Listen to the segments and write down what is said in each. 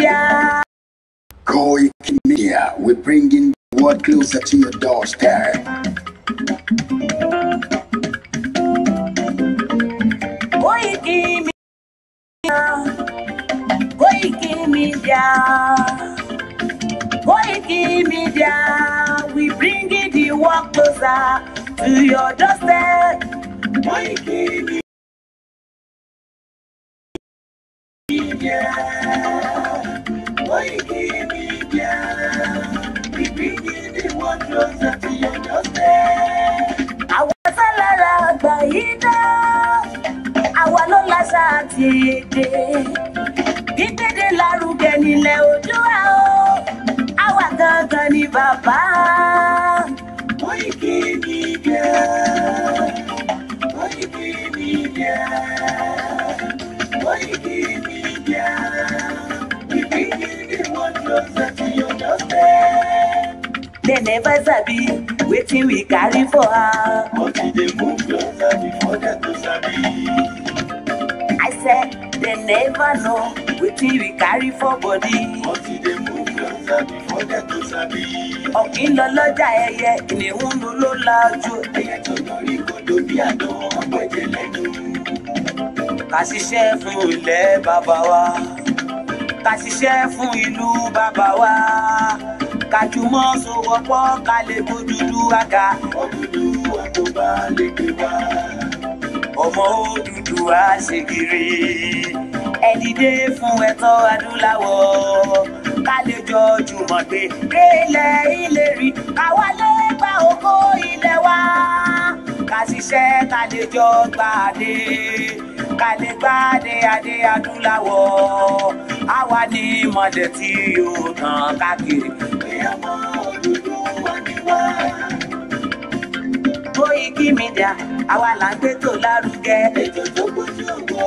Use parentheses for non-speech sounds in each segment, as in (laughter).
media. Koiki media, we're bringing the world closer to your doorstep. Koiki media. Koiki media. Koiki media, we bringing the world closer to your doorstep. Koiki media. yeye gbígbéde lárugẹ nílẹ̀ Oòduà o àwa gangan ni bàbá. Koiki Media Koiki Media Koiki Media ìbíkíni wọn ló ṣètì ọjọ́ fẹ́. They never sabi wetin we carry for her. But e dey move closer before dem go sabi never know wetin we carry for body. ọtí dey move your sabi for to sabi. ọ̀kìn lọ lọ́jà ẹyẹ ìníhùn ló lajú. ẹyẹ tó lọ rí kodo bí àdán ọgbẹ́jẹ lẹ́nu. ká ṣiṣẹ́ fún ilẹ̀ bàbá wa ká ṣiṣẹ́ fún ìlú bàbá wa ká jùmọ̀ sowọ́pọ̀ ká kó dúdú àga. ọdúdú àtọ́bá lè gbé wá. ọmọ òdúdú àṣegírí ẹ dìde fún ẹ̀tọ́ adúláwọ̀ ká lè jọ jùmọ̀ gbé dé ilẹ̀ ìlérí káwa lè gba ògo ilẹ̀ wa ká ṣiṣẹ́ ká lè gbàdé ká gbàdé adé adúláwọ̀ àwa ní ìmọ̀lẹ̀ tí yóò tàn káàkiri. ìyá ọmọ òdúdú wà àwa là ń gbé tó lárugẹ ètò tó kún sí òwò.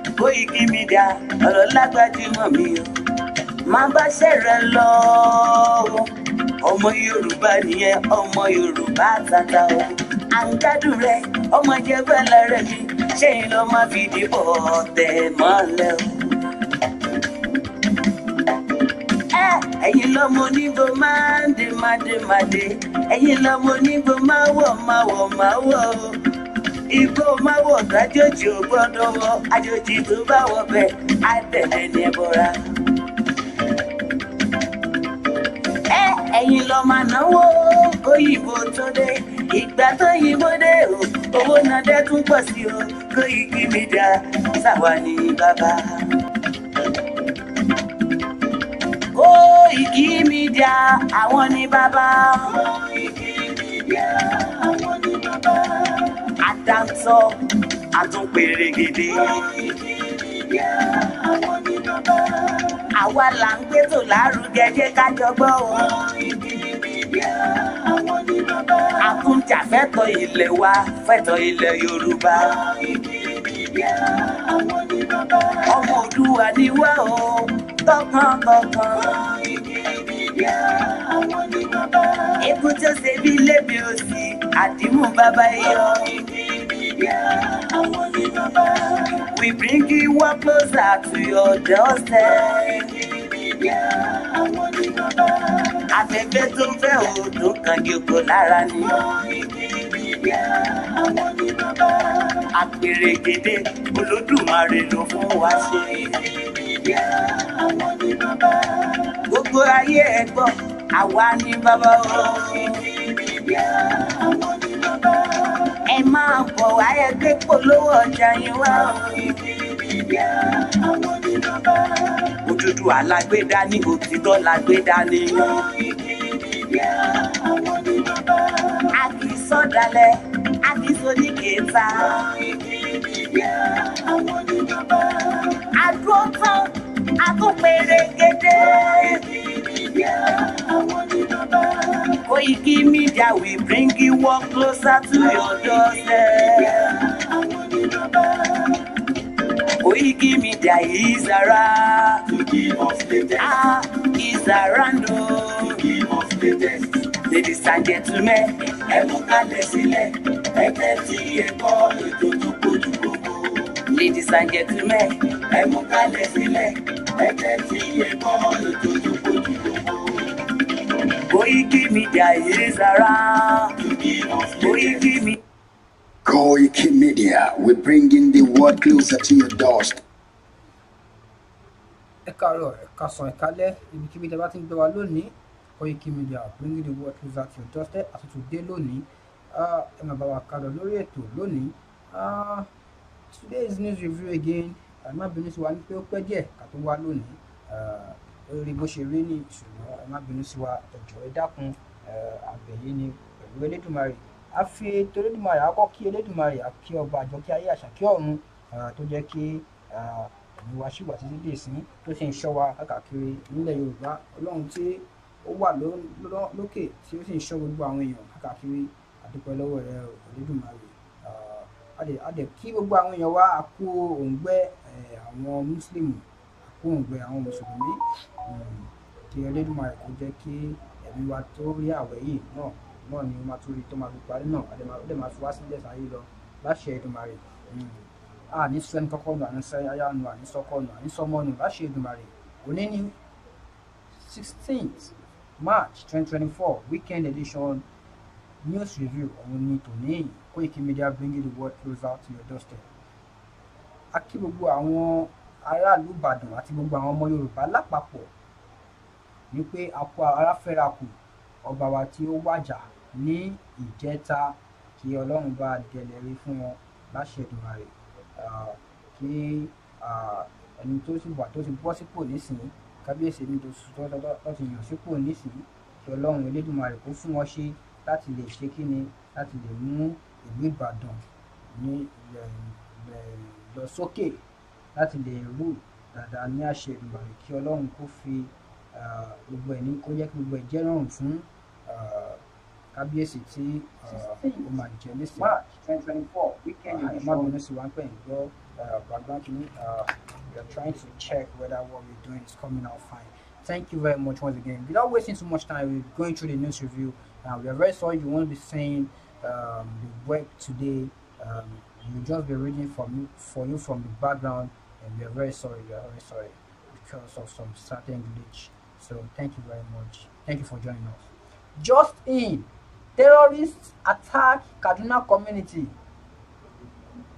Koiki Media ọ̀rọ̀ lágbájú mọ̀ mi o máa bá ṣẹ̀rẹ̀ lọ ọmọ Yorùbá nìyẹn ọmọ Yorùbá tata o à ń gbádùn rẹ ọmọ jẹgbẹ́ lára mi ṣẹ́yìn ló máa fi dìbò tẹ̀ mọ́lẹ̀ o. ẹ̀yin lọ́mọ onígbò máa ń dè máa dè máa dè ẹ̀yin lọ́mọ onígbò máa wọ̀ máa wọ̀ máa wọ̀ o igbó má wọ̀ kájòjì ò gbọ́dọ̀ wọ àjòjì tó bá wọ bẹ́ẹ̀ á tẹ̀lé ní ẹbọra. ẹ ẹ̀yin lọ máa náwó kóyìnbó tó dé ìgbà tó yìnbó dé o owó náà dé tún pọ̀ sí o Koiki Media sáwa ní bàbá. Koiki Media àwọn ní bàbá. dáńtọ́ àtúnpèrègèdè. àwa là ń gbẹ́tò lárugẹ jẹ́ kájọgbọ́ o. àtúntà fẹ́tọ̀ ilẹ̀ wa fẹ́tọ̀ ilẹ̀ Yorùbá. ọmọ Òdùwà ni wá o tọkàntọkàn ikú tó ṣe bí lébi òsì àdìmú bàbá yọ. We bring you up closer to your doorstep. I feel Afẹ́fẹ́ tó fẹ́ odò kan yòókù lára ni. Àpèrè gèdè Olódùmarè ló fún wa ṣe. Gbogbo ayé ẹ̀ gbọ́, àwa ni bàbá o máa bọ̀ wáyé gbé polówó ọjà yín wá o. òdúdú alágbèdá ní òtítọ́ lágbèdá ni. a kì í sọ̀dálẹ̀ a kì í sọ ní kẹta. àdúró tán a give me that we bring you work closer to your doorstep. Oh, Koiki Media is around. To give us the test. Ah, is around. To give us the test. Ladies and gentlemen, ẹ mú kalẹ̀ sílẹ̀, ẹ tẹ́tí ẹ̀kọ́ ètò tó kojú gbogbo. Ladies and gentlemen, ẹ mú kalẹ̀ sílẹ̀, ẹ tẹ́tí ẹ̀kọ́ ètò tó kojú gbogbo. Koiki Media is around. Media. Koiki we're bringing the word closer to your doorstep. ẹ káàárọ̀ ẹ káàsán ẹ kálẹ́ ibikíbi tí a bá ti ń gbé wa lónìí Koiki Media bringing the word closer to your doorstep àtúntò dé lónìí ẹ máa bá wa kálọ lórí ètò lónìí today's news review again ẹ má bínú sí wa ní pé ó pẹ́ díẹ̀ ká tó lónìí rí bó ṣe rí ní ìtùnú ẹ má sí wa ẹjọ ẹ dákun àbẹ̀yẹ ni pẹ̀lú elédùnmarè a fi ètò elédùnmarè akọ́ kí elédùnmarè àkí ọba àjọkí ayé àṣàkí ọ̀run tó jẹ́ kí ìlú wa ṣì wà títí dè sí tó ṣe ń ṣọ́ wa káàkiri nílẹ̀ yorùbá ọlọ́run tí ó wà lókè tí ó sì ń ṣọ́ gbogbo àwọn èèyàn káàkiri àdúpẹ́ lọ́wọ́ rẹ elédùnmarè adẹ̀ kí gbogbo àwọn èèyàn wa a kú àwọn mùsùlùmí òǹgbẹ àwọn mùsùlùmí um, kí Elédùmarè kó jẹ́ kí ẹ̀mí wa tó rí àwẹ̀ yìí náà náà ni wọ́n tún rí tó máa fi parí náà àti máa fi wá sílẹ̀ sáyé lọ láṣẹ Èdùmarè um, a ní sẹ́ni kọ́kọ́ àní sẹ́ni ayá àní sọ́kọ́ àní sọ́mọ́ láṣẹ Èdùmarè òní ní sixteenth March twenty twenty four weekend edition news review òun ni tòní yìí Koiki Media bringing the world closer to your doorstep. a kí gbogbo àwọn aráàlú ìbàdàn àti gbogbo àwọn ọmọ yorùbá lápapọ̀ ni pé a kó ara fẹ́ra kù ọba wa tí ó wàjà ní ìjẹta kí ọlọ́run bá dẹlẹ̀ rí fún wọn láṣẹ Èdùmàrè kí ẹni tó ti wà tó ti bọ́ sípò nísìnyí kábíyèsí mi tó ti yàn sípò nísìnyí kí ọlọ́run elédùnmarè kó fún wọn ṣe láti lè ṣe kí ni láti lè mú ìlú ìbàdàn ní lọ sókè láti lè rú dáadáa ní àṣẹ Èdùmàrè kí Ọlọ́run kó fi gbogbo ẹ̀ ní kó jẹ́ kí gbogbo ẹ̀ jẹ́ rọrùn fún kábíyèsí tí ó máa jẹ nísìnyí. March twenty twenty four weekend edition. ẹ má bínú sí wa pé ń gbọ́ background kìíní we are trying to check whether what we are doing is coming out fine. Thank you very much once again. Without wasting too much time, we're going through the news review. Uh, we are very sorry you won't be seeing um, the work today. Um, we'll just be reading from for you from the background and we are very sorry we are very sorry because of some certain glitch so thank you very much thank you for joining us just in terrorists attack kaduna community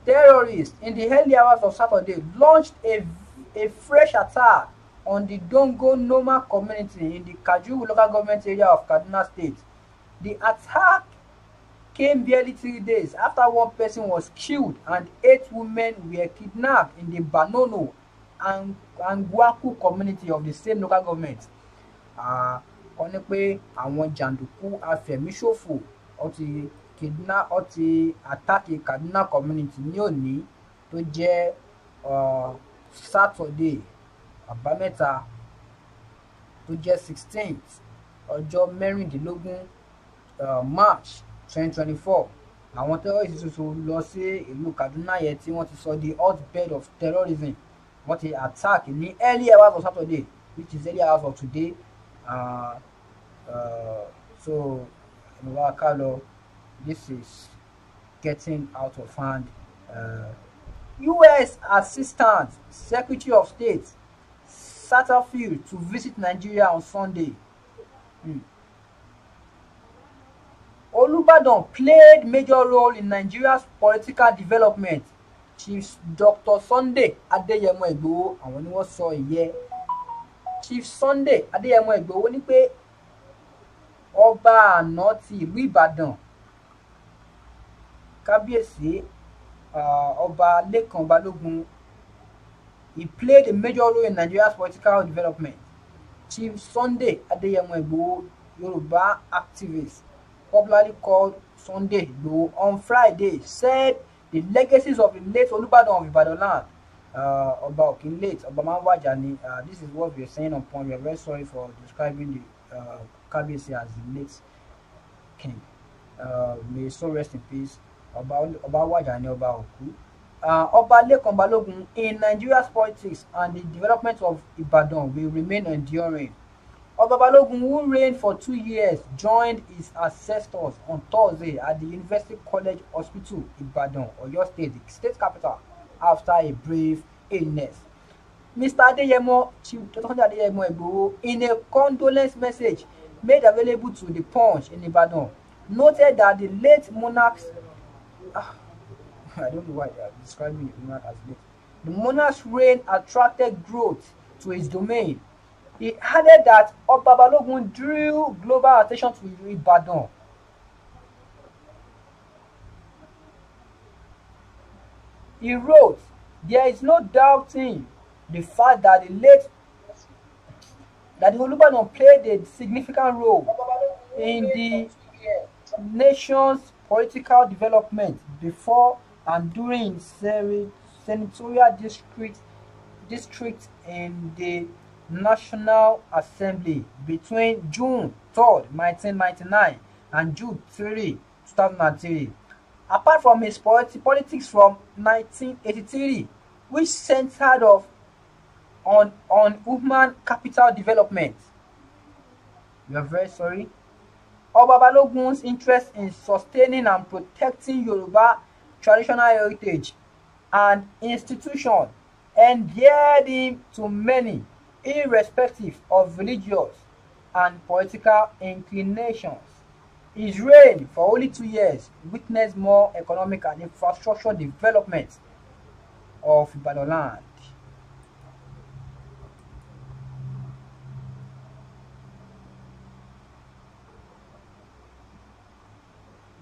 terrorists in the early hours of saturday launched a a fresh attack on the dongo noma community in the kaju local government area of kaduna state the attack came barely three days after one person was killed and eight women were kidnapped in the Banono and Anguaku community of the same local government. wọ́n ní pé àwọn jàǹdùkú afẹ̀míṣòfò ó ti kidnap ó ti àtàkì Kaduna community ní òní tó jẹ́ Saturday àbámẹ́ta tó jẹ́ sixteenth ọjọ́ mẹ́rìndínlógún March 2024. twenty four àwọn tẹ́rọ́rìsì tuntun lọ sí ìlú Kaduna yẹn tí wọ́n ti sọ di hotbed of terrorism wọ́n ti attack ní early hours of Saturday which is early hours of today uh, uh, so ìwà ká lọ this is getting out of hand. Uh, ah, U.S. Assistant Secretary of State Satterfield to visit Nigeria on Sunday. Mm. Olubadan played major role in Nigeria's political development. Chief Dr. Sunday Adeyemo Igboho àwọn ni wọ́n sọ ìyẹn. Chief Sunday Adeyemo Igboho ní pé ọba àná ti ìlú Ìbàdàn kábíyèsí ọba Lékan Balógun he played a major role in Nigeria's political development. Chief Sunday Adeyemo Igboho Yorùbá activist popularly called Sunday Igboho, on Friday said the legacies of the late Olubadan of Ibadan land, uh, Oba Okin late, Oba Mawanja ni, uh, this is what we are saying on point. We are very sorry for describing the uh, Kabiyesi as the late king. Uh, may so rest in peace, Oba, Oba Waja ni Oba Oku. Uh, Oba Lekan Balogun, in Nigeria's politics and the development of Ibadan will remain enduring. Ọba Balogun, who reigned for two years, joined his ancestors on Thursday at the University College Hospital, in Ibadan, Oyo State, the state capital, after a brief illness. Mr. Adeyemo, Chief Adeyemo Igboho, in a condolence message made available to the Punch in Ibadan, noted that the late monarch's ah, I don't know why they are describing the monarch as late. The monarch's reign attracted growth to his domain He added that Oba drew global attention to Ibadan. He wrote, There is no doubting the fact that the late that the Olubadan played a significant role in the nation's political development before and during senatorial district district in the National Assembly between June 3, 1999 and June 3, 2003. Apart from his politi politics from 1983, which centered of, on, on human capital development, we are very sorry, Oba interest in sustaining and protecting Yoruba traditional heritage and institution endeared him to many irrespective of religious and political inclinations. His reign for only two years witnessed more economic and infrastructural development of Ibadan land.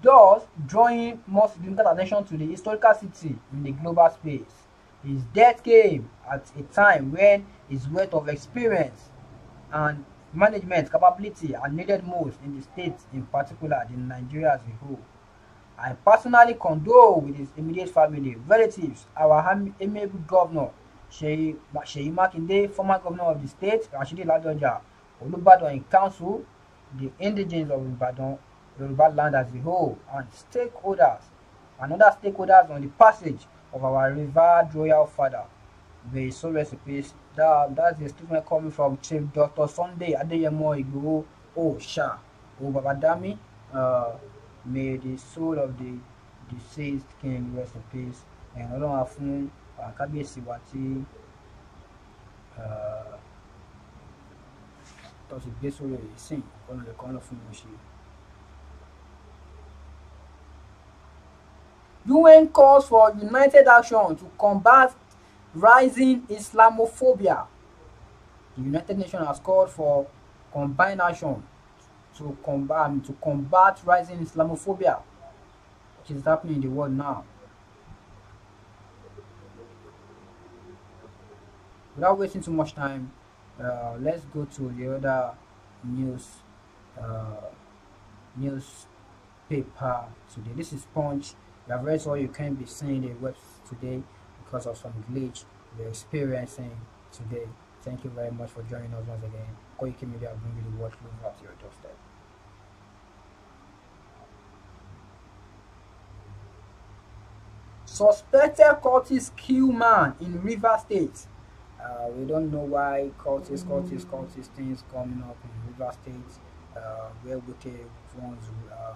Thus, drawing more significant attention to the historical city in the global space. His death came at a time when his wealth of experience and management capability are needed most in the state, in particular in Nigeria as a whole. I personally condole with his immediate family, relatives, our amiable governor, Sheyi Makinde, former governor of the state, Rashidi Ladoja, Olubadan in council, the indigenes of Ibadan, Yoruba land as a whole, and stakeholders and other stakeholders on the passage of our revered royal father. May so rest in peace. That, that's the statement coming from Chief Dr. Sunday Adeyemo Igboho Osha Obabadami. Uh, may the soul of the deceased king rest in peace. And Ọlọ́run á fún Kábíyèsí wa tí uh, tó sì gbé sórí èyí sìn kọ́nà lè kọ́nà fún mi ṣe. UN calls for united action to combat rising Islamophobia. The United Nations has called for combined action to combat to combat rising Islamophobia, which is happening in the world now. Without wasting too much time, uh, let's go to the other news uh, newspaper today. This is Punch we have read all you can be seeing the web today because of some glitch we're experiencing today. Thank you very much for joining us once again. Koike Media bringing the world closer to your doorstep. Suspected cultist kill man in River State. Uh, we don't know why cultist, cultist thing things coming up in River State uh, where Wike once uh,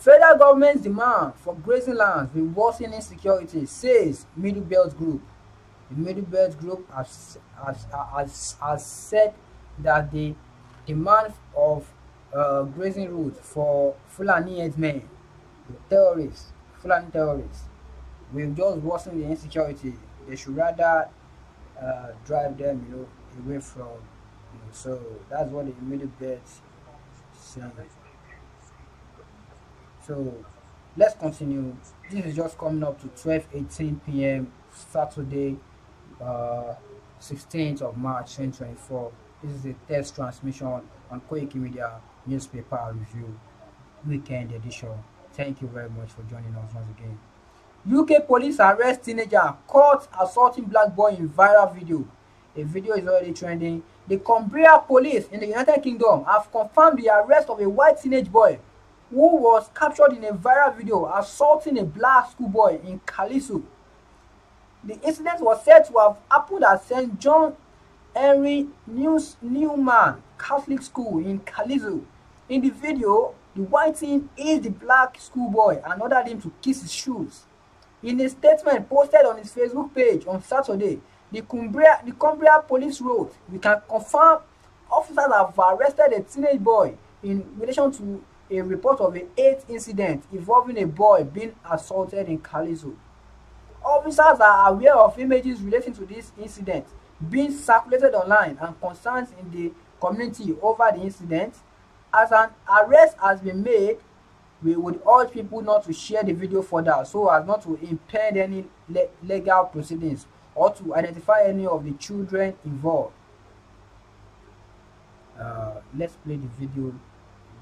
Federal government's demand for grazing lands with worsening insecurity says Middle Belt Group. The Middle Belt Group has, has, has, has said that the demand of uh, grazing routes for Fulani the terrorists, Fulani terrorists, will just worsen the insecurity. They should rather uh, drive them, you know, away from. You know, so that's what the Middle Belt says so let's continue this is just coming up to 12 18 p.m saturday uh, 16th of march 2024 this is a test transmission on Quake media newspaper review weekend edition thank you very much for joining us once again uk police arrest teenager caught assaulting black boy in viral video a video is already trending the cumbria police in the united kingdom have confirmed the arrest of a white teenage boy who was captured in a viral video assaulting a black schoolboy in Kalisu. The incident was said to have happened at St. John Henry News Newman Catholic School in Kalisu. In the video, the white teen is the black schoolboy and ordered him to kiss his shoes. In a statement posted on his Facebook page on Saturday, the Cumbria, the Cumbria police wrote, We can confirm officers have arrested a teenage boy in relation to a report of a eighth incident involving a boy being assaulted in Calizo. Officers are aware of images relating to this incident being circulated online and concerns in the community over the incident. As an arrest has been made, we would urge people not to share the video further so as not to impede any le legal proceedings or to identify any of the children involved. Uh, let's play the video.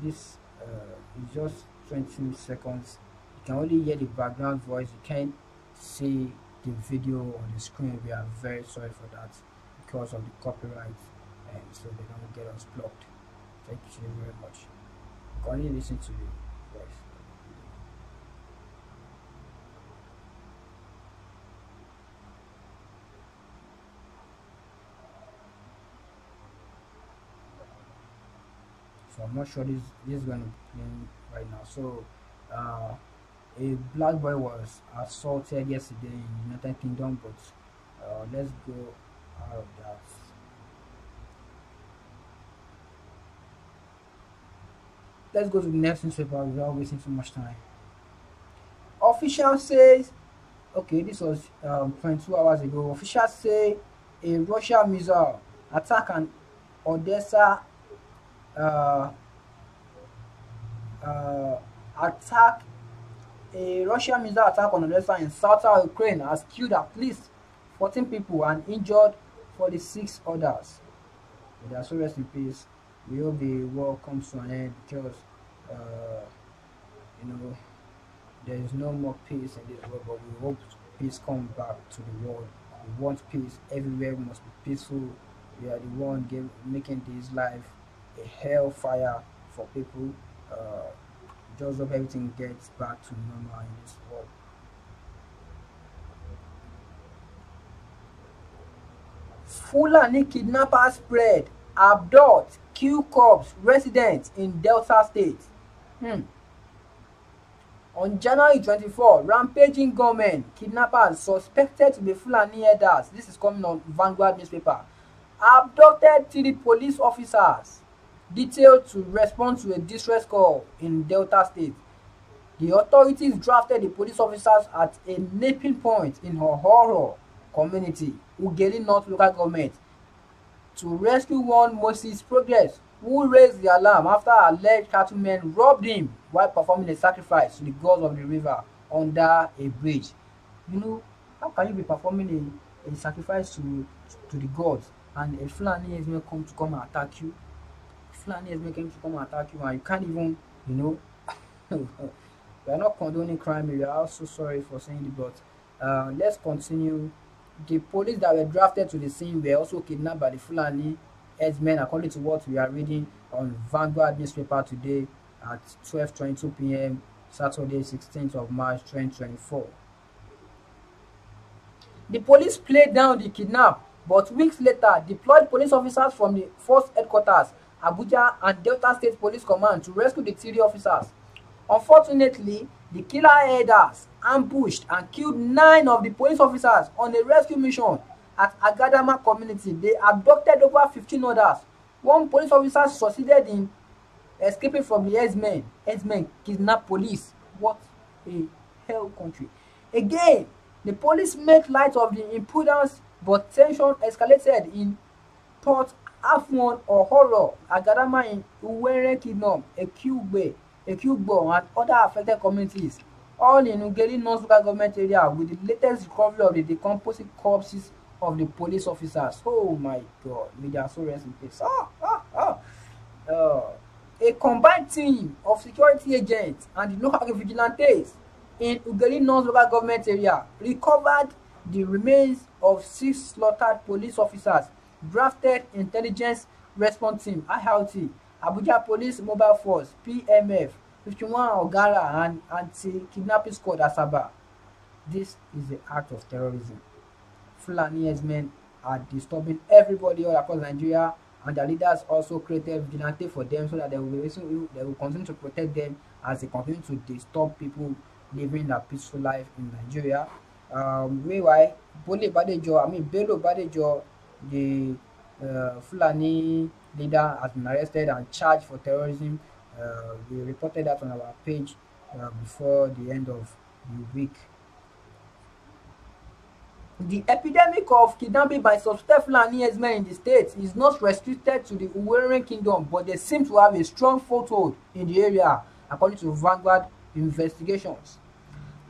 This uh, it's just 20 seconds you can only hear the background voice you can't see the video on the screen we are very sorry for that because of the copyright and so they don't get us blocked thank you very much continue listening to the so i'm not sure this, this is going to be playing right now so uh, a black boy was assaulted yesterday in the united kingdom but uh, let's go out of that let's go to the next newspaper without wasting too much time official says okay this was um 22 hours ago officials say a russian missile attack an odessa uh, uh, attack, a Russian missile attack on Odessa in southern Ukraine has killed at least 14 people and injured 46 others. May their souls rest in peace. We hope the war comes to an end because, uh, you know, there is no more peace in this world, but we hope peace comes back to the world. We want peace everywhere. We must be peaceful. We are the one give, making this life a hellfire for people. Uh, just hope everything gets back to normal in this world. Fulani kidnappers spread, abduct, kill cops, residents in Delta State. Hmm. On January 24, rampaging gunmen, kidnappers suspected to be Fulani herders. This is coming on Vanguard newspaper. Abducted three police officers. detailed to respond to a distress call in Delta State. The authorities drafted the police officers at a napping point in horror community, Ugeli North local government, to rescue one Moses Progress, who raised the alarm after alleged cattlemen robbed him while performing a sacrifice to the gods of the river under a bridge. You know, how can you be performing a, a sacrifice to, to, to the gods and a Fulani is going to come to come and attack you? Fulani is making to come attack you and you can't even, you know, we (laughs) are not condoning crime, we are also sorry for saying it, but uh, let's continue. The police that were drafted to the scene were also kidnapped by the Fulani headsmen, according to what we are reading on Vanguard newspaper today at 12.22 p.m. Saturday, 16th of March 2024. The police played down the kidnap, but weeks later deployed police officers from the force headquarters Abuja, and Delta State Police Command to rescue the three officers. Unfortunately, the killer herders ambushed and killed nine of the police officers on a rescue mission at Agadama community. They abducted over 15 others. One police officer succeeded in escaping from the herdsmen. Herdsmen kidnapped police. What a hell country. Again, the police made light of the impudence, but tension escalated in Port Afọn Ọhụrụ Agadaman, Uwerekitnam, Ekwugbe, Ekwugbo and other affected communities, all in Ughelli non-local government area with the latest recovery of the decomposing corpses of the police officers. Oh my God, may their soul rest in peace. Ah, ah, ah. Uh, a combined team of security agents and local vigilantes in Ughelli non-local government area recovered the remains of six slaughtered police officers drafted intelligence response team irt abuja police mobile force pmf fifty-one ogara and anti-kidnapping squad asaba this is the act of terrorism fulani herdsmen are disturbing everybody all across nigeria and their leaders also created vigilante for them so that they will be they will continue to protect them as they continue to disturb people living a peaceful life in nigeria um, meanwhile bole badejo i mean bello badejo the uh, Fulani leader has been arrested and charged for terrorism. Uh, we reported that on our page uh, before the end of the week. The epidemic of kidnapping by substep Fulani herdsmen in the state is not restricted to the Uwering Kingdom, but they seem to have a strong foothold in the area, according to Vanguard investigations.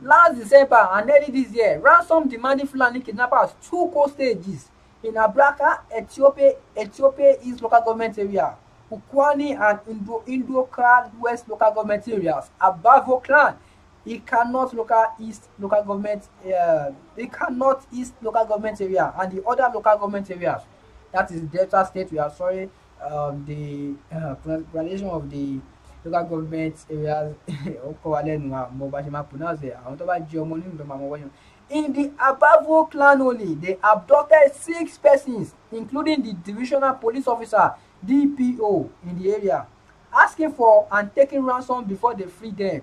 Last December and early this year, ransom demanding Fulani kidnappers took hostages in Abraka, Ethiopia, Ethiopia is local government area, Ukwani and Indo indo clan West local government areas, Abavo clan, it cannot local East local government, uh, cannot East local government area, and the other local government areas. That is Delta State. We are sorry, um, the uh, graduation of the local government areas. (laughs) Okowalenwa, mo bá ṣe máa pronounce it. Àwọn tó bá jẹ́ ọmọ nínú In the Abavo clan only, they abducted six persons, including the divisional police officer, DPO, in the area, asking for and taking ransom before they free them.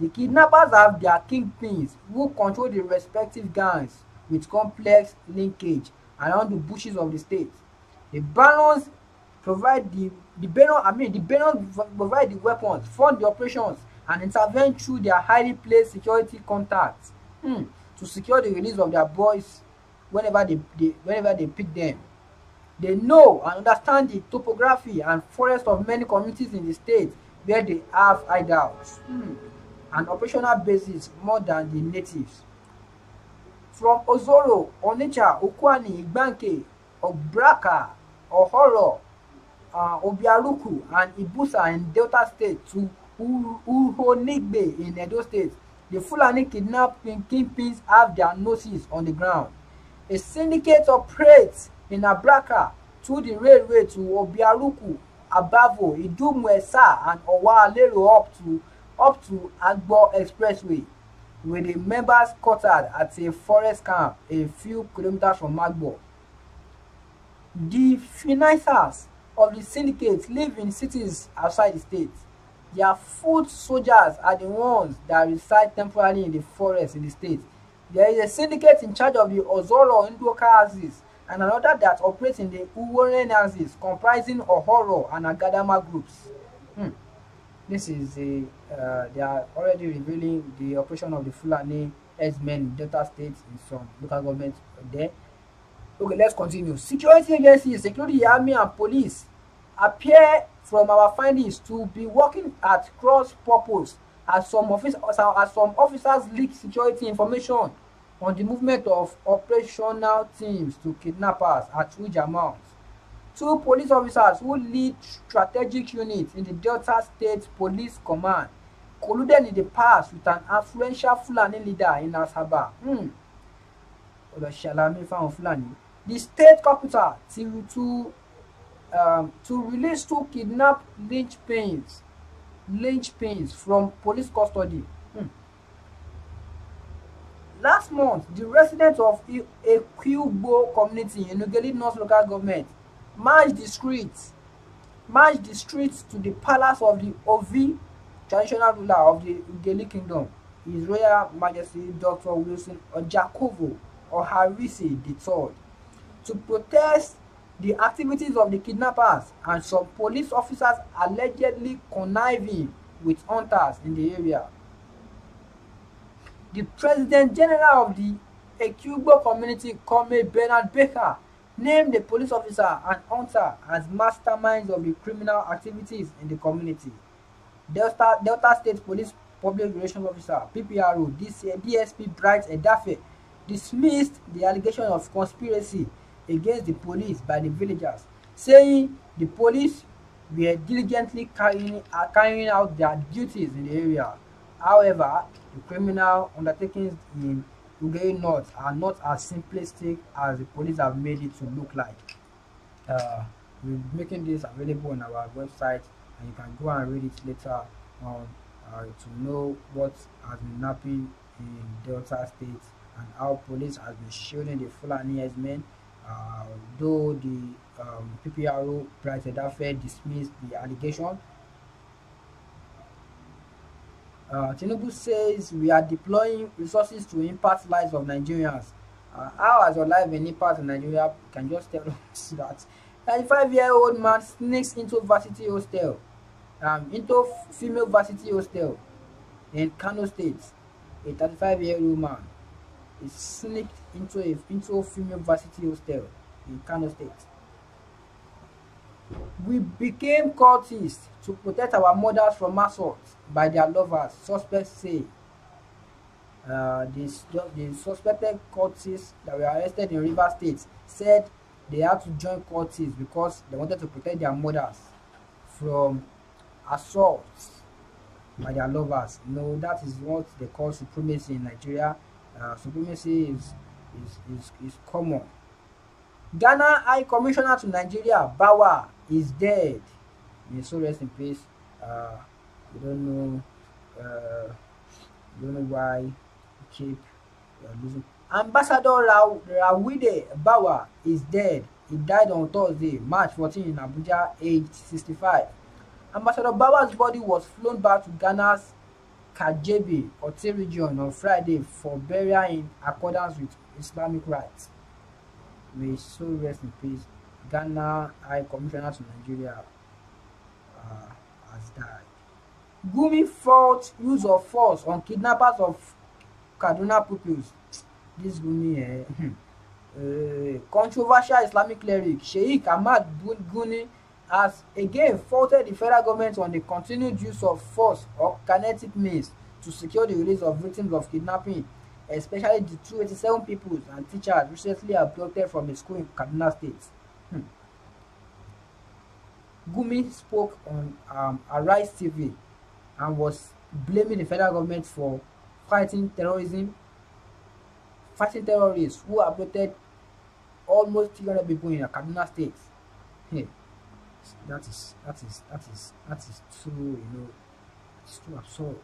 The kidnappers have their kingpins who control the respective gangs with complex linkage around the bushes of the state. The barons provide the the barons, I mean the barons provide the weapons, fund the operations, and intervene through their highly placed security contacts. Hmm to secure the release of their boys whenever they, they whenever they pick them. They know and understand the topography and forest of many communities in the state where they have hideouts hmm, and operational bases more than the natives. From Ozoro, Onitsha, Okwani, Igbanke, Obraka, Ohoro, uh, Obiaruku, and Ibusa in Delta State to Uhonigbe in Edo State, The Fulani kidnapping kingpins have their noses on the ground. A syndicate operates in Abraka through the railway to Obiaruku, Abavo, Idumwesa, and Owalero up to up to Agbo Expressway, with the members quartered at a forest camp a few kilometers from Agbo. The financiers of the syndicate live in cities outside the state. Their foot soldiers are the ones that reside temporarily in the forest in the state. There is a syndicate in charge of the Ozoro Ndoka axis and another that operates in the Uworen axis, comprising Ohoro and Agadama groups. Hmm. This is a, uh, they are already revealing the operation of the Fulani herdsmen men Delta State in some local government there. Okay, let's continue. Security agencies, including the army and police, appear from our findings to be working at cross purpose as some office as some officers leak security information on the movement of operational teams to kidnappers at huge amounts. Two police officers who lead strategic units in the Delta State Police Command colluded in the past with an influential Fulani leader in Asaba. Hmm. The state capital, Tirutu um, to release two pains, lynch pains from police custody. Hmm. Last month, the residents of a Ekwugbo community in Nugeli North local government marched the streets marched the streets to the palace of the Ovi, traditional ruler of the Ugeli kingdom, His Royal Majesty Dr. Wilson Ojakovo Oharise III, to protest the activities of the kidnappers and some police officers allegedly conniving with hunters in the area. The President General of the Ekyugbo community, Comrade Bernard Baker, named the police officer and hunter as masterminds of the criminal activities in the community. Delta, Delta State Police Public Relations Officer, PPRO, DC, DSP Bright Edafe, dismissed the allegation of conspiracy against the police by the villagers, saying the police were diligently carrying, uh, carrying out their duties in the area. However, the criminal undertakings in Ugei North are not as simplistic as the police have made it to look like. Uh, we're making this available on our website and you can go and read it later on uh, to know what has been happening in Delta State and how police has been shielding the Fulani men Um, though the um, PPRO Bright Edafe dismissed the allegation. Uh, Tinubu says we are deploying resources to impact lives of Nigerians. Uh, how has your life been impacted in Nigeria? You can just tell (laughs) us that. 95-year-old man sneaks into varsity hostel, um, into female varsity hostel in Kano State. A 35-year-old man is sneaked Into a Pinto Female Varsity Hostel in Kano State. We became cultists to protect our mothers from assault by their lovers, suspects say. Uh, the, the suspected cultists that were arrested in River State said they had to join cultists because they wanted to protect their mothers from assaults by their lovers. No, that is what they call supremacy in Nigeria. Uh, supremacy is is, is, is common. Ghana High Commissioner to Nigeria, Bawa, is dead. May so rest in peace. Uh, we don't know. Uh, we don't know why we keep uh, losing. Ambassador Raw Rawide Bawa is dead. He died on Thursday, March 14, in Abuja, aged 65. Ambassador Bawa's body was flown back to Ghana's Kajebi, Ote region on Friday for burial in accordance with Islamic Rights. May so rest in peace. Ghana High Commissioner to Nigeria uh, has died. Gumi fought use of force on kidnappers of Kaduna pupils. This Gumi, eh? uh, controversial Islamic cleric Sheikh Ahmad Gumi has again faulted the federal government on the continued use of force or kinetic means to secure the release of victims of kidnapping especially the 287 pupils and teachers recently abducted from a school in Kaduna State. Hmm. Gumi spoke on um, Arise TV and was blaming the federal government for fighting terrorism, fighting terrorists who abducted almost 300 people in Kaduna State. Hey, hmm. That is, that is, that is, that is too, you know, it's too absurd.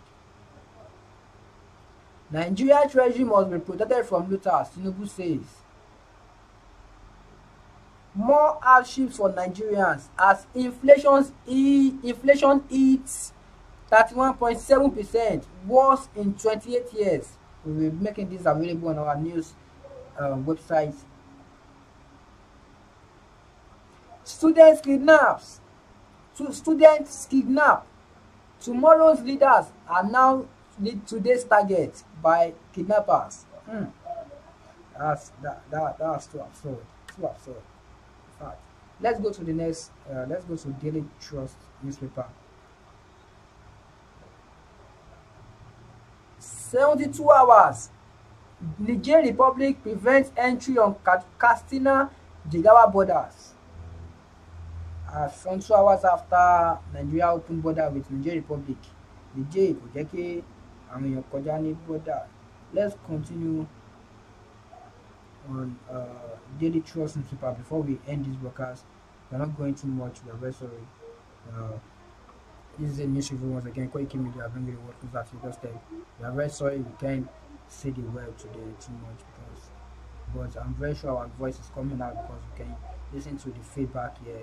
Nigeria treasury must be protected from looters, Tinubu says. More hardships for Nigerians as inflation, e inflation hits 31.7 percent, worse in 28 years. We'll be making this available on our news uh, website. Students kidnaps. students kidnap. Tomorrow's leaders are now today's target by kidnappers. Hmm. That's that, that that's too absurd. Too absurd. In fact, let's go to the next. Uh, let's go to Daily Trust newspaper. 72 hours. Niger Republic prevents entry on Castina, Jigawa borders. As 72 hours after Nigeria opened border with Niger Republic, Niger kò I'm your Kojani brother. Let's continue on uh, Daily Trust Newspaper before we end this broadcast. We're not going too much, we're very sorry. Uh, this is a news review once again. Quite media bringing not world to that because they we are very sorry we can't say the word today too much because but I'm very sure our voice is coming out because we can listen to the feedback here.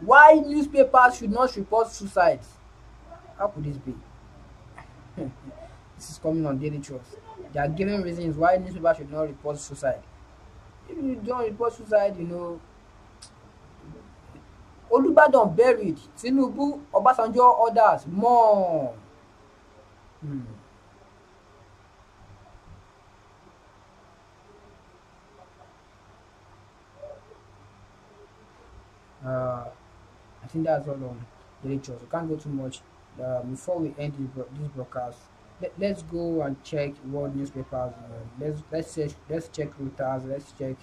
Why newspapers should not report suicides? How could this be? (laughs) this is coming on Daily Trust. They are giving reasons why newspaper should not report suicide. If you don't report suicide, you know. Olubadan buried, Tinubu, Obasanjo, others, more. Hmm. Uh, I think that's all on the lecture. So can't go too much. Um, before we end this broadcast, let, us go and check world newspapers. Uh, let's let's check let's check Reuters. Let's check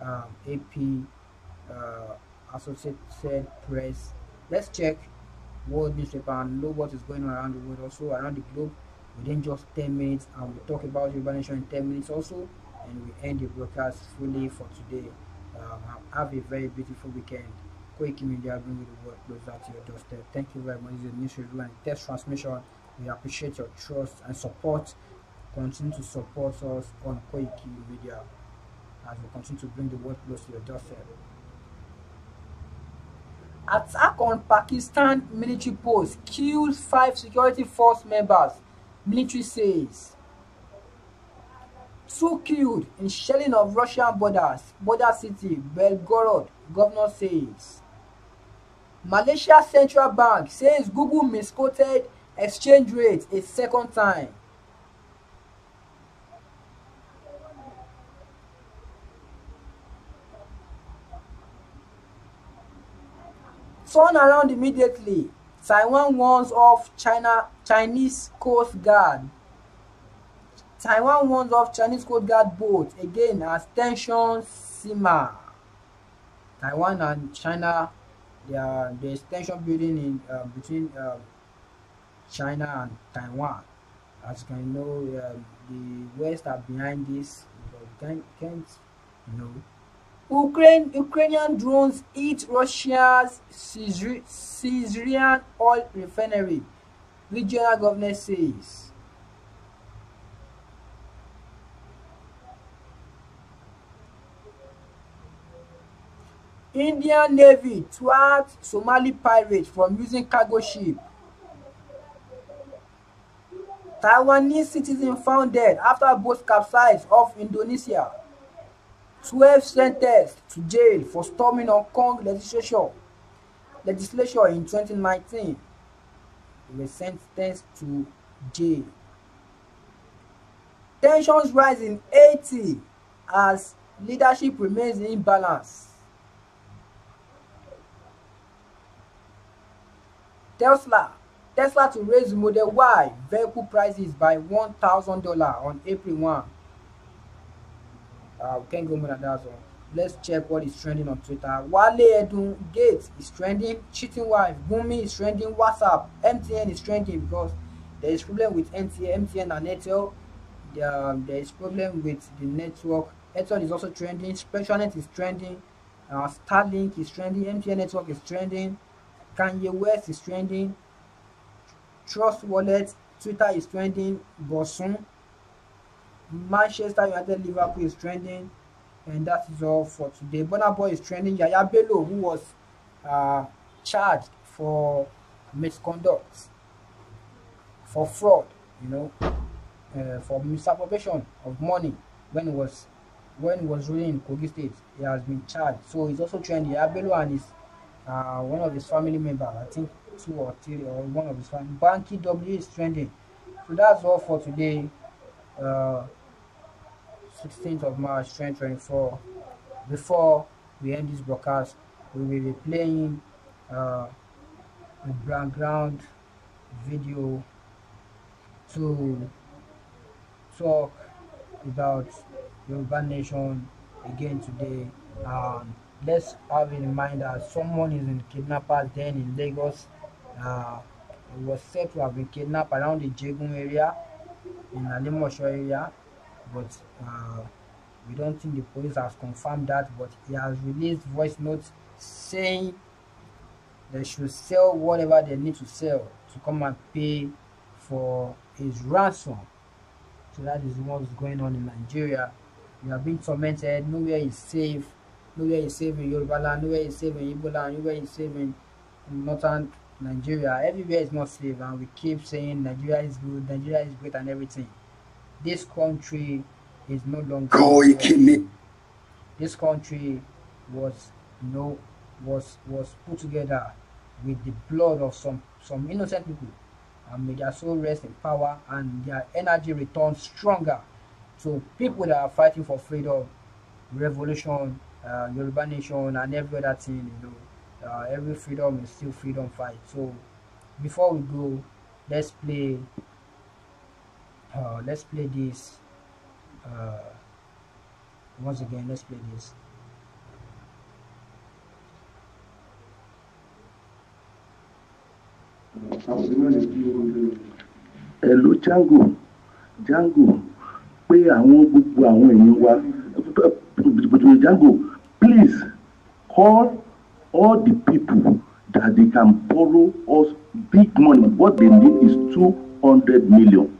um, AP, uh, Associated Press. Let's check world newspaper and know what is going on around the world, also around the globe. Within just 10 minutes, and we talk about urbanization in 10 minutes also, and we end the broadcast fully for today. Um, have a very beautiful weekend quick media bring you the world closer to your doorstep thank you very much this is the ministry and test transmission we appreciate your trust and support continue to support us on Koiki media as we continue to bring the world news to your doorstep attack on pakistan military post kills five security force members military says two killed in shelling of russian borders border city belgorod governor says Malaysia Central Bank says Google misquoted exchange rate a second time. Turn around immediately. Taiwan warns off China Chinese Coast Guard. Taiwan warns off Chinese Coast Guard boat again as tensions simmer. Taiwan and China there, there's tension building in uh, between uh, China and Taiwan. As you can know, uh, the West are behind this. Can, can't, know. Ukraine, Ukrainian drones hit Russia's Caesarean oil refinery, regional governor says. Indian Navy thwart Somali pirates from using cargo ship. Taiwanese citizen found dead after boat capsized off Indonesia. 12 sentenced to jail for storming Hong Kong legislature, legislature in 2019 were sentenced to jail. Tensions rise in Haiti as leadership remains in balance. Tesla Tesla to raise Model Y vehicle prices by $1,000 on April one. Uh, we can't go more than that. So let's check what is trending on Twitter. Wale Edun Gates is trending. Cheating wife Bumi is trending. WhatsApp MTN is trending because there is problem with MTN, MTN and Airtel. Um, there is problem with the network. Etel is also trending. Spectranet is trending. Uh, Starlink is trending. MTN network is trending. Kanye West is trending. Trust Wallet, Twitter is trending. Bosun, Manchester United, Liverpool is trending. And that is all for today. Burna is trending. Yaya Bello, who was uh, charged for misconduct, for fraud, you know, uh, for misappropriation of money when it was when he was ruling in Kogi State, he has been charged. So he's also trending. Yaya Bello and his uh, one of his family members, I think two or three, or one of his family. Banky W is trending. So that's all for today, uh, 16th of March 2024. Before we end this broadcast, we will be playing uh, a background video to talk about Yoruba Nation again today. Um, let's have in mind that someone is in kidnappers then in Lagos. Uh, it was said to have been kidnapped around the Jegun area, in Alimosho area, but uh, we don't think the police has confirmed that. But he has released voice notes saying they should sell whatever they need to sell to come and pay for his ransom. So that is what's going on in Nigeria. You are being tormented, nowhere is safe. Nuya is saving, Yoruba land, Nuya is saving, Igbo land, Nuya is saving, Northern Nigeria. Everywhere is not safe, and we keep saying Nigeria is good, Nigeria is great, and everything. This country is no longer. Go, you kill me. This country was you know was was put together with the blood of some some innocent people and may their soul rest in power and their energy return stronger to people that are fighting for freedom revolution uh, Yoruba Nation and every other thing, you know, uh, every freedom is still freedom fight. So before we go, let's play. Uh, let's play this. Uh, once again, let's play this. Hello, Django. Django. pé àwọn gbogbo àwọn èèyàn wa Django please call all the people that they can borrow us big money what they need is two hundred million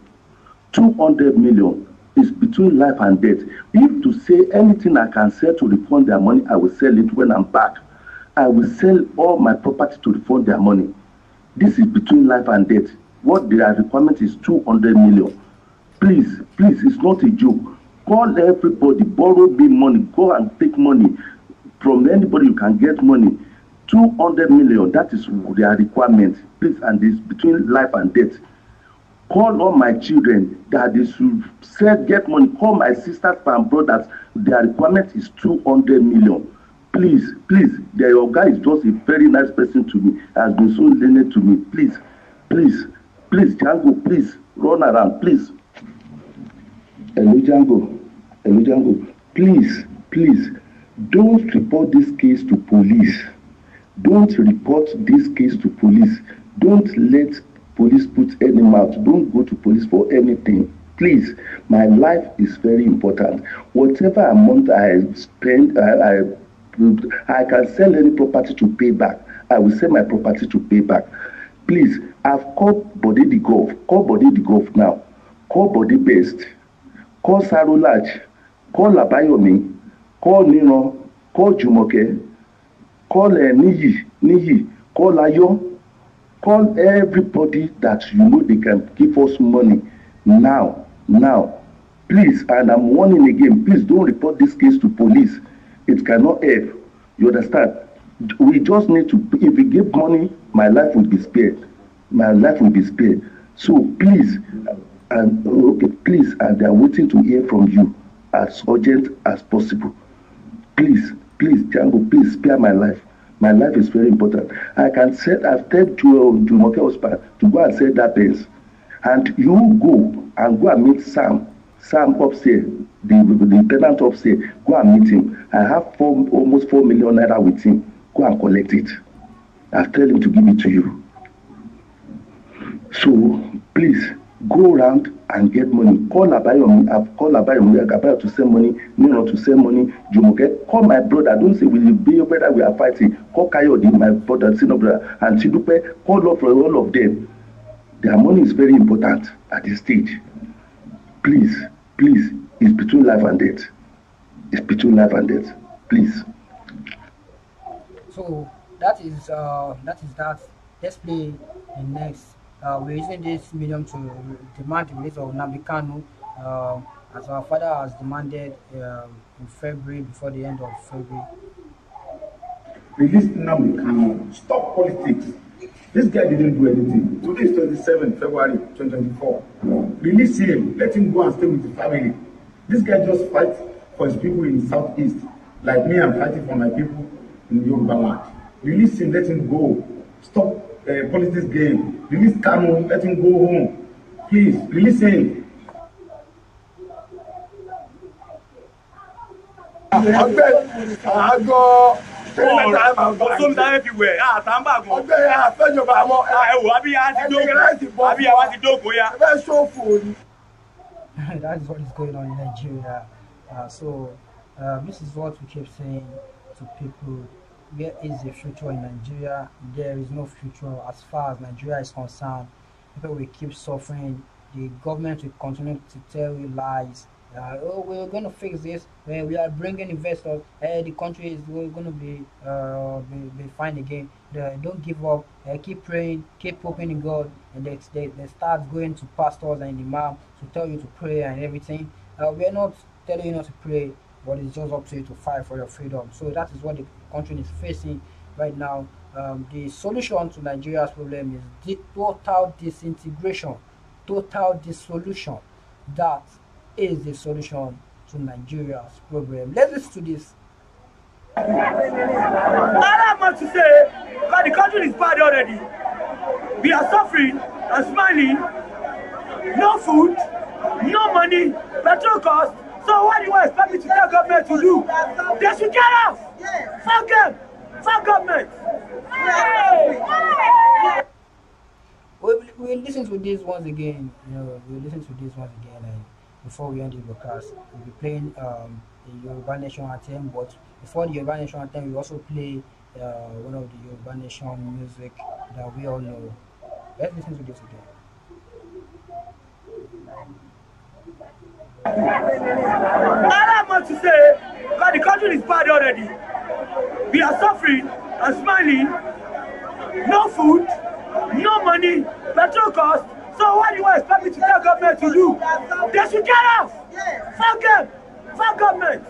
two hundred million is between life and death if to say anything i can sell to refund their money i will sell it when i'm back i will sell all my property to refund their money this is between life and death what their requirement is two hundred million please please it's not a joke call everybody borrow big money go and take money from anybody you can get money two hundred million that is their requirement please and this between life and death call all my children that they should sell get money call my sisters and brothers their requirement is two hundred million please please the guy is just a very nice person to me has been so lenient to me please please please django please run around please hello django hello django please please don't report this case to police don't report this case to police don't let police put any mouth don't go to police for anything please my life is very important whatever amount i spend i i i can sell any property to pay back i will sell my property to pay back please i've called body the golf call body the golf now call body best call sarolaj call labayomi kọ́ níran kọ́ jùmọ̀kẹ́ kọ́ lẹ̀ níyì níyì kọ́ láyọ̀ call everybody that you know they can give us money now now please and i'm warning again please don't report this case to police it cannot help you understand we just need to if we give money my life will be spared my life will be spared so please and okay please and they are waiting to hear from you as urgent as possible please please Django please spare my life my life is very important I can send I tell Jumoke Jumoke Hospital to go and sell that things and you go and go and meet Sam Sam upstairs the the tenant upstairs go and meet him I have four almost four million naira with him go and collect it I tell him to give it to you so please go round and get money. Call Abayomi. I've uh, called Abayomi. Uh, Abayomi to send money. Nino to send money. Jumoke. Call my brother. Don't say, we you be your brother? We are fighting. Call Kayode, my brother, senior brother. And Chidupe. Call up for all of them. Their money is very important at this stage. Please, please, it's between life and death. It's between life and death. Please. So that is uh, that is that. Let's play the next Uh, we're using this medium to demand the release of Nnamdi Kanu uh, um, as our father has demanded um, in February, before the end of February. Release Nnamdi Kanu. Stop politics. This guy didn't do anything. Today is 27 February 2024. Release him. Let him go and stay with the family. This guy just fights for his people in Southeast, like me, I'm fighting for my people in Yoruba land. Release him, let him go. Stop uh, politics game. Release Kanu, let him go home. Please, release him. ọgbẹ àgọ tẹlifẹsẹ àmàgbà ọsọmi táwọn fi wẹ àtàǹbà gan ọgbẹ àfẹjọba àwọn ẹwọ abíyá ti dóko abíyá wa ti dóko ya. ẹ bẹ ṣòfò ni. (laughs) That is what is going on in Nigeria. Uh, so uh, this is what we keep saying to people where is the future in Nigeria? There is no future as far as Nigeria is concerned. People will keep suffering. The government will continue to tell you lies. Uh, oh, we're going to fix this. Eh, we are bringing investors. Uh, the country is going to be, uh, be, be fine again. don't give up. Uh, keep praying. Keep hoping in God. And they, they, they start going to pastors and imam to tell you to pray and everything. Uh, we're not telling you not to pray. but it's just up to you to fight for your freedom. So that is what the country is facing right now. Um, the solution to Nigeria's problem is the total disintegration, total dissolution. That is the solution to Nigeria's problem. Let's listen to this. All I want to say that the country is bad already. We are suffering and smiling. No food, no money, petrol costs, So what do you expect me to tell government to do? They should get out. Fuck them. Fuck government. We'll, we'll listen to this once again. You know, we'll listen to this once again. And before we end the broadcast, we'll be playing um, the Yoruba Nation Anthem. But before the Yoruba Nation Anthem, we also play uh, one of the Yoruba Nation music that we all know. Let's listen to this again. All I want to say, God, the country is bad already. We are suffering and smiling. No food, no money, petrol cost. So what do you expect me to tell government to do? They should get off. Fuck them. Fuck government.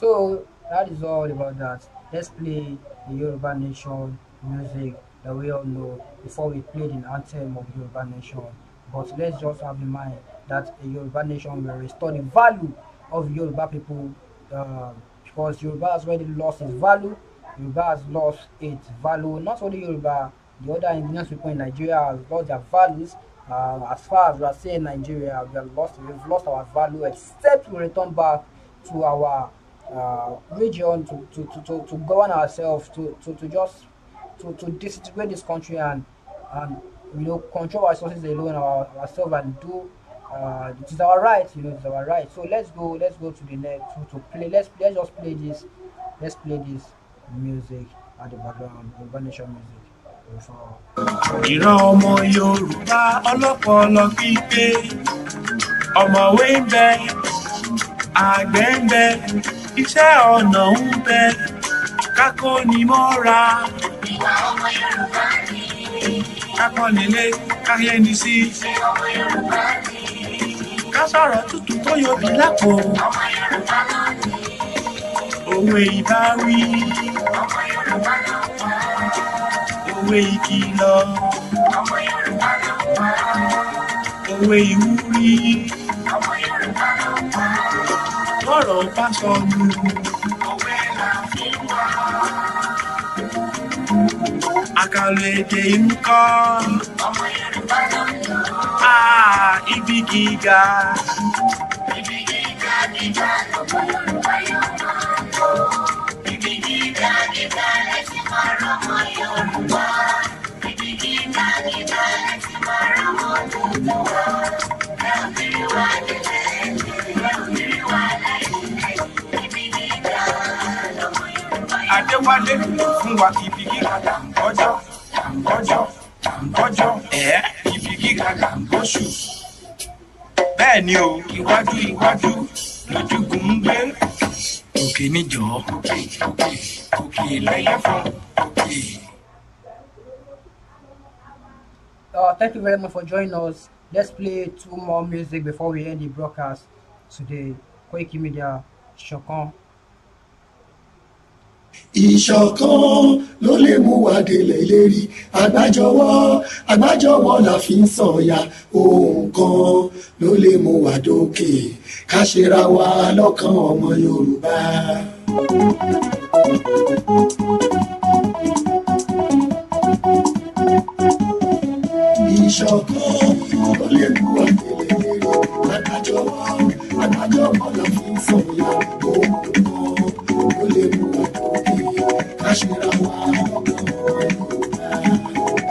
So that is all about that. Let's play the Yoruba Nation music that we all know before we play the anthem of Yoruba Nation. But let's just have in mind that a Yoruba nation will restore the value of Yoruba people uh, because Yoruba has already lost its value. Yoruba has lost its value. Not only Yoruba, the other indigenous people in Nigeria have lost their values. Uh, as far as we are saying Nigeria, we have lost, we've lost our value except we return back to our uh, region to, to, to, to, to govern ourselves, to, to, to just to, to disintegrate this country and, and you know, control our sources alone, our, ourselves, and do. Uh, it is our right, you know, it is our right. So let's go, let's go to the next to, to play. Let's let's just play this. Let's play this music at the background, urban music. ìran ọmọ yorùbá ọlọ́pọ̀lọ́ pípé ọ̀mọ̀wé ń bẹ iṣẹ́ ọ̀nà ń bẹ kákó ni mọ́ra. ìran ọmọ yorùbá kakọ́nilé káyẹ́ni sí. ká sọ̀rọ̀ tútù tó yọbi lápò. òwe ìbáwí. òwe ìkìlọ̀. òwe ìwúrí. lọ́rọ̀ bá sọ nù. òwe là wá àkàlò èdè ń kọ́. ọmọ Yorùbá ló ń lọ. Ah, ibi gíga. ibi gíga gíga lọ́mọ Yorùbá yóò máa lọ. ibi gíga gíga lẹ́sìn máa rọ́mọ Yorùbá. ibi gíga gíga lẹ́sìn máa rọ́mọ tuntun wá. ẹ ò ní rí wá nílé ẹ ò ní rí wá lẹ́yìn ibi gíga lọ́mọ Yorùbá yóò máa lọ. Adéwálé fún wa ibi gíga dá kàǹkọ́jọ́ kàǹkọ́jọ́ ibi gíga kàǹkọ́ṣù. bẹ́ẹ̀ ni o iwájú iwájú lójúgun ń gbé. òkè níjọ́ òkè òkè lẹ́yẹ̀fọ́ òkè. Uh, thank you very much for joining us. Let's play two more music before we end the broadcast today. Koiki Media, Shokan ìṣọ̀kan ló lè mú wa délẹ̀ ìlérí àgbájọwọ́ àgbájọwọ́ la fi ń sọ̀yà ohun kan ló lè mú wa dókè ká ṣera wa lọ́kàn ọmọ Yorùbá. ìṣọ̀kan ló lè mú wa délẹ̀ ìlérí àgbájọwọ́ àgbájọwọ́ la fi ń sọ̀yà ohun kan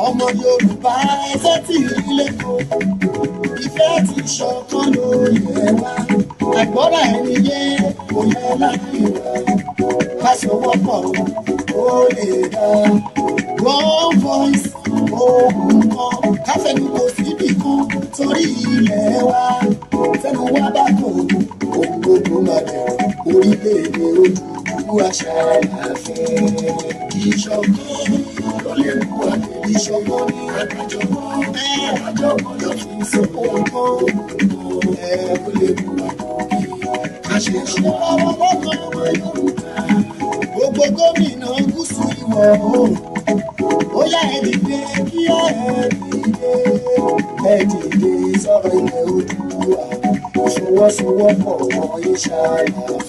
ọmọ yorùbá ẹsẹ̀ tí ilé kọ́ ìfẹ́ ti ṣọ̀kan lóye wa àgbọ́ra ẹni yé kò láti wá fásowọ́pọ̀ ó lè dá one voice ohun kan káfẹ́nu kò síbì kan torí ilẹ̀ wa fẹ́nu wá bá kò òun gbogbo máa dẹ̀ orílẹ̀ ojú àṣà àyàfẹ́ ìṣọ̀kan ló lè mú àdé ìṣọ̀kan àdájọ́gbọ́n àdájọ́gbọ́n ló tún sọ ọgbọ́n ẹ̀ ó lè mú àdé àṣẹṣe ọmọ mọ́kàn ọmọ Yorùbá gbogbo gómìnà gúúsù ìwọ̀ oòrùn ó yá ẹ dìde kí ẹ dìde ẹ dìde sọ̀rọ̀ ilẹ̀ Odùduwà ìfọwọ́sowọ́pọ̀ ọmọ yìí ṣáà yàtọ̀.